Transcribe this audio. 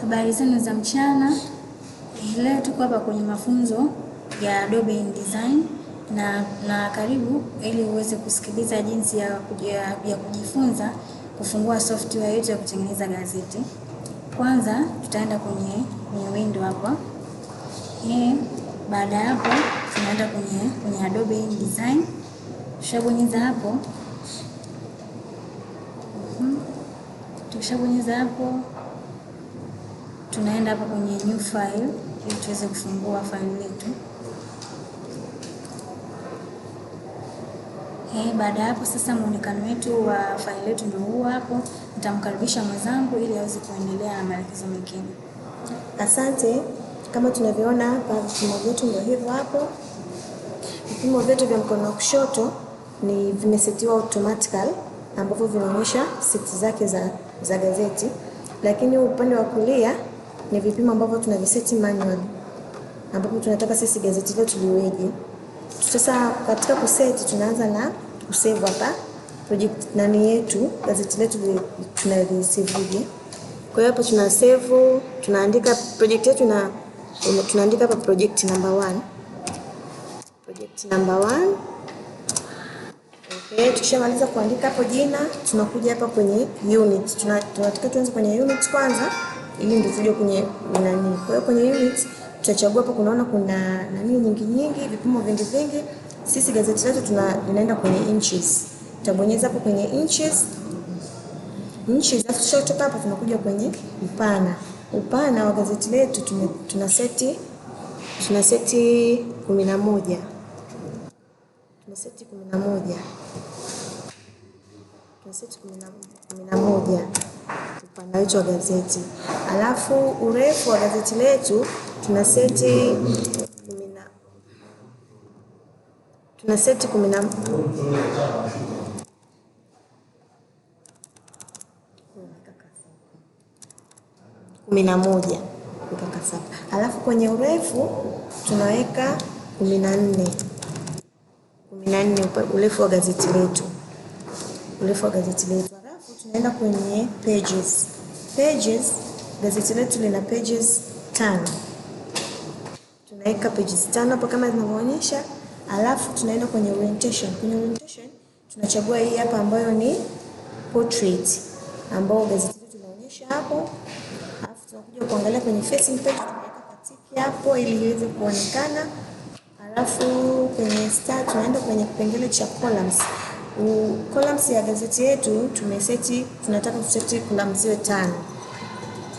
Habari zenu za mchana. Leo tuko hapa kwenye mafunzo ya Adobe InDesign na, na karibu ili uweze kusikiliza jinsi ya, ya, ya kujifunza kufungua software yetu ya kutengeneza gazeti. Kwanza tutaenda kwenye, kwenye window hapa Eh, baada ya hapo tunaenda kwenye, kwenye Adobe InDesign tushabonyeza hapo, mm -hmm. hapo tunaenda hapa kwenye new file ili tuweze kufungua faili letu. Hey, eh, baada ya hapo sasa muonekano wetu wa faili letu ndio huu hapo. Nitamkaribisha mwenzangu ili aweze kuendelea na maelekezo mengine. Asante. Kama tunavyoona hapa vipimo vyetu ndio hivyo hapo. Vipimo vyetu vya mkono wa kushoto ni vimesetiwa automatically ambavyo vinaonyesha seti zake za, za gazeti, lakini upande wa kulia ni vipimo ambavyo tunaviseti manual, ambapo tunataka sisi gazeti letu liweje. Sasa katika kuseti tunaanza na kusave hapa project nani yetu, gazeti letu tunalisave. Kwa hiyo hapo tuna save, tunaandika project yetu na tunaandika hapa project number 1, project number 1. Okay, tukishamaliza kuandika hapo jina, tunakuja hapa kwenye unit. Tunataka tuanze kwenye unit kwanza ili ndio tuje kwenye nani. Kwa hiyo kwenye unit tutachagua hapo, kunaona kuna nani nyingi nyingi, vipimo vingi vingi. Sisi gazeti letu tuna linaenda kwenye inches, tutabonyeza hapo kwenye inches inches, alafu tushatoka hapo tunakuja kwenye upana. Upana wa gazeti letu tuna, tuna seti tuna seti 11 tuna seti 11 na tuna seti kumi upana wetu wa gazeti. Alafu urefu wa gazeti letu tuna seti kumina, tuna seti kumi na kumi na moja mpaka saba. Alafu kwenye urefu tunaweka kumi na nne kumi na nne urefu wa gazeti letu, urefu wa gazeti letu. Alafu tunaenda kwenye pages pages Gazeti letu lina pages tano, tunaweka pages tano hapo kama zinavyoonyesha, alafu tunaenda kwenye orientation. Kwenye orientation tunachagua hii hapa ambayo ni portrait ambayo gazeti letu linaonyesha hapo, alafu tunakuja kuangalia kwenye facing page, tunaweka katiki hapo ili iweze kuonekana, alafu kwenye star tunaenda kwenye kipengele cha columns. U, columns ya gazeti yetu tumeseti, tunataka tuseti columns ziwe tano.